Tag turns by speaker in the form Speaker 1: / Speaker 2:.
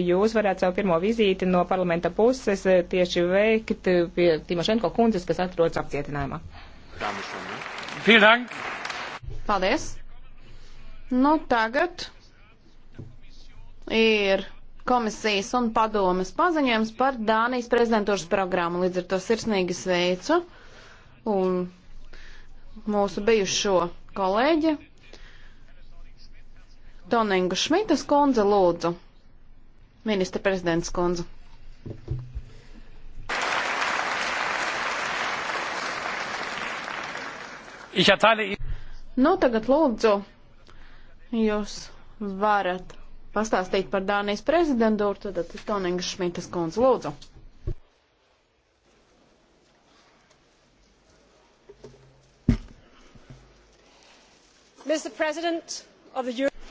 Speaker 1: jūs varētu savu pirmo vizīti no parlamenta puses tieši veikt pie Timošenko kundzes, kas atrodas apcietinājumā. Paldies! Nu, tagad ir komisijas un padomas paziņojums par Dānijas prezidentūras programmu. Līdz ar to sirsnīgi sveicu un mūsu bijušo kolēģi Toningu Šmitas kundze lūdzu. Ministra prezidents Konzu. Nu, tagad lūdzu, jūs varat pastāstīt par Dānijas prezidentūru, tad Toninga Šmitas kundze lūdzu.
Speaker 2: Mr. President of the Euro